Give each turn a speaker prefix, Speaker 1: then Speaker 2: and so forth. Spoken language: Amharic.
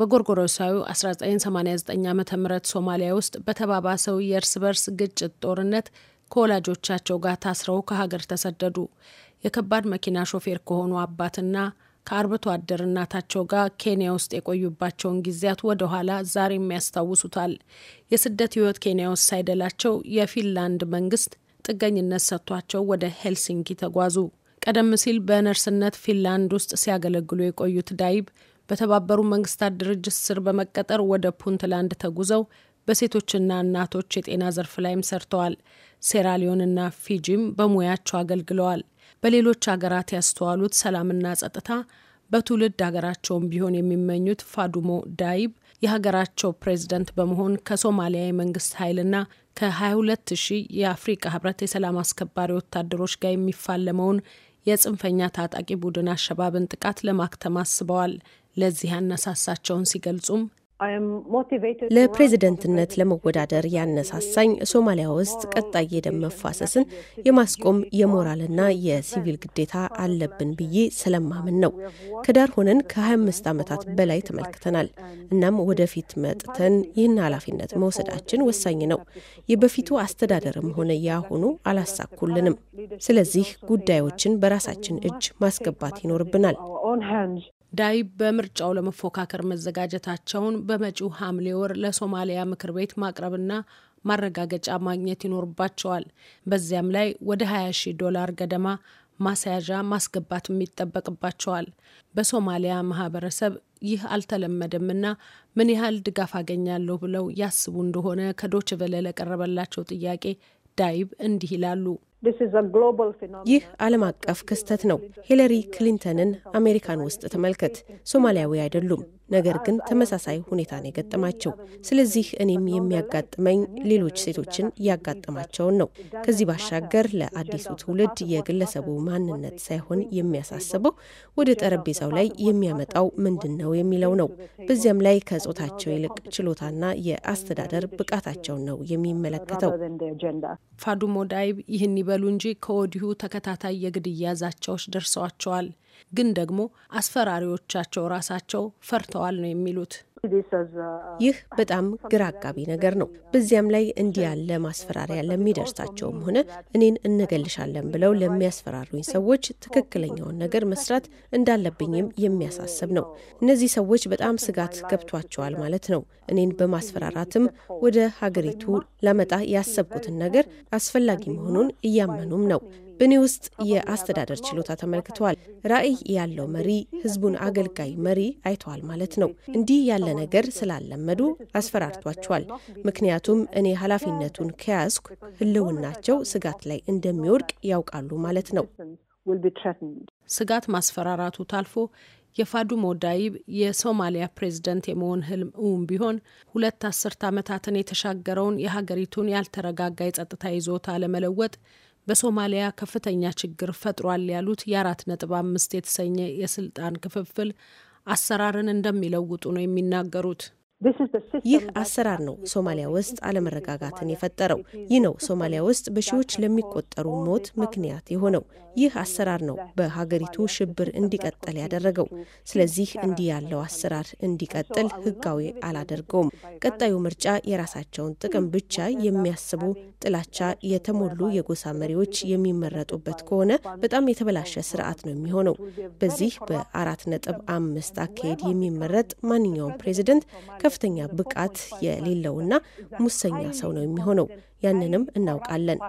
Speaker 1: በጎርጎሮሳዊ 1989 ዓ ም ሶማሊያ ውስጥ በተባባሰው የእርስ በርስ ግጭት ጦርነት ከወላጆቻቸው ጋር ታስረው ከሀገር ተሰደዱ። የከባድ መኪና ሾፌር ከሆኑ አባትና ከአርብቶ አደር እናታቸው ጋር ኬንያ ውስጥ የቆዩባቸውን ጊዜያት ኋላ ዛሬም ያስታውሱታል። የስደት ሕይወት ኬንያ ውስጥ ሳይደላቸው የፊንላንድ መንግስት ጥገኝነት ሰጥቷቸው ወደ ሄልሲንኪ ተጓዙ። ቀደም ሲል በነርስነት ፊንላንድ ውስጥ ሲያገለግሉ የቆዩት ዳይብ በተባበሩ መንግስታት ድርጅት ስር በመቀጠር ወደ ፑንትላንድ ተጉዘው በሴቶችና እናቶች የጤና ዘርፍ ላይም ሰርተዋል። ሴራሊዮንና ፊጂም በሙያቸው አገልግለዋል። በሌሎች ሀገራት ያስተዋሉት ሰላምና ጸጥታ በትውልድ ሀገራቸውም ቢሆን የሚመኙት ፋዱሞ ዳይብ የሀገራቸው ፕሬዝደንት በመሆን ከሶማሊያ የመንግስት ኃይልና ከ22 ሺህ የአፍሪቃ ህብረት የሰላም አስከባሪ ወታደሮች ጋር የሚፋለመውን የጽንፈኛ ታጣቂ ቡድን አሸባብን ጥቃት ለማክተም አስበዋል። ለዚህ ያነሳሳቸውን ሲገልጹም
Speaker 2: ለፕሬዝደንትነት ለመወዳደር ያነሳሳኝ ሶማሊያ ውስጥ ቀጣይ የደም መፋሰስን የማስቆም የሞራልና የሲቪል ግዴታ አለብን ብዬ ስለማምን ነው። ከዳር ሆነን ከ25 ዓመታት በላይ ተመልክተናል። እናም ወደፊት መጥተን ይህን ኃላፊነት መውሰዳችን ወሳኝ ነው። የበፊቱ አስተዳደርም ሆነ ያሁኑ አላሳኩልንም። ስለዚህ ጉዳዮችን በራሳችን እጅ ማስገባት ይኖርብናል።
Speaker 1: ዳይ በምርጫው ለመፎካከር መዘጋጀታቸውን በመጪው ሐምሌ ወር ለሶማሊያ ምክር ቤት ማቅረብና ማረጋገጫ ማግኘት ይኖርባቸዋል። በዚያም ላይ ወደ 20 ሺ ዶላር ገደማ ማስያዣ ማስገባትም ይጠበቅባቸዋል። በሶማሊያ ማህበረሰብ ይህ አልተለመደምና ምን ያህል ድጋፍ አገኛለሁ ብለው ያስቡ እንደሆነ ከዶችቨለ ለቀረበላቸው
Speaker 2: ጥያቄ ዳይብ እንዲህ ይላሉ። ይህ ዓለም አቀፍ ክስተት ነው። ሂለሪ ክሊንተንን አሜሪካን ውስጥ ተመልከት። ሶማሊያዊ አይደሉም፣ ነገር ግን ተመሳሳይ ሁኔታ ነው የገጠማቸው። ስለዚህ እኔም የሚያጋጥመኝ ሌሎች ሴቶችን እያጋጠማቸውን ነው። ከዚህ ባሻገር ለአዲሱ ትውልድ የግለሰቡ ማንነት ሳይሆን የሚያሳስበው ወደ ጠረጴዛው ላይ የሚያመጣው ምንድን ነው የሚለው ነው። በዚያም ላይ ከጾታቸው ይልቅ ችሎታና የአስተዳደር ብቃታቸውን ነው የሚመለከተው።
Speaker 1: ፋዱሞ ዳይብ ይህን ይበሉ እንጂ ከወዲሁ
Speaker 2: ተከታታይ የግድያ ዛቻዎች
Speaker 1: ደርሰዋቸዋል። ግን ደግሞ አስፈራሪዎቻቸው ራሳቸው ፈርተዋል ነው የሚሉት።
Speaker 2: ይህ በጣም ግራ አጋቢ ነገር ነው። በዚያም ላይ እንዲህ ያለ ማስፈራሪያ ለሚደርሳቸውም ሆነ እኔን እንገልሻለን ብለው ለሚያስፈራሩኝ ሰዎች ትክክለኛውን ነገር መስራት እንዳለብኝም የሚያሳስብ ነው። እነዚህ ሰዎች በጣም ስጋት ገብቷቸዋል ማለት ነው። እኔን በማስፈራራትም ወደ ሀገሪቱ ላመጣ ያሰብኩትን ነገር አስፈላጊ መሆኑን እያመኑም ነው። በእኔ ውስጥ የአስተዳደር ችሎታ ተመልክተዋል። ራዕይ ያለው መሪ፣ ህዝቡን አገልጋይ መሪ አይተዋል ማለት ነው። እንዲህ ያለ ነገር ስላለመዱ አስፈራርቷቸዋል። ምክንያቱም እኔ ኃላፊነቱን ከያዝኩ ህልውናቸው ስጋት ላይ እንደሚወድቅ ያውቃሉ ማለት ነው።
Speaker 1: ስጋት ማስፈራራቱ ታልፎ የፋዱሞ ዳይብ የሶማሊያ ፕሬዝደንት የመሆን ህልም እውን ቢሆን ሁለት አስርት ዓመታትን የተሻገረውን የሀገሪቱን ያልተረጋጋ የጸጥታ ይዞታ ለመለወጥ በሶማሊያ ከፍተኛ ችግር ፈጥሯል ያሉት የአራት ነጥብ አምስት የተሰኘ የስልጣን ክፍፍል አሰራርን እንደሚለውጡ ነው
Speaker 2: የሚናገሩት። ይህ አሰራር ነው ሶማሊያ ውስጥ አለመረጋጋትን የፈጠረው። ይህ ነው ሶማሊያ ውስጥ በሺዎች ለሚቆጠሩ ሞት ምክንያት የሆነው። ይህ አሰራር ነው በሀገሪቱ ሽብር እንዲቀጥል ያደረገው። ስለዚህ እንዲህ ያለው አሰራር እንዲቀጥል ህጋዊ አላደርገውም። ቀጣዩ ምርጫ የራሳቸውን hmm. ጥቅም ብቻ የሚያስቡ ጥላቻ የተሞሉ የጎሳ መሪዎች የሚመረጡበት ከሆነ በጣም የተበላሸ ስርዓት ነው የሚሆነው። በዚህ በአራት ነጥብ አምስት አካሄድ የሚመረጥ ማንኛውም ፕሬዚደንት ከፍተኛ ብቃት የሌለውና ሙሰኛ ሰው ነው የሚሆነው። ያንንም እናውቃለን።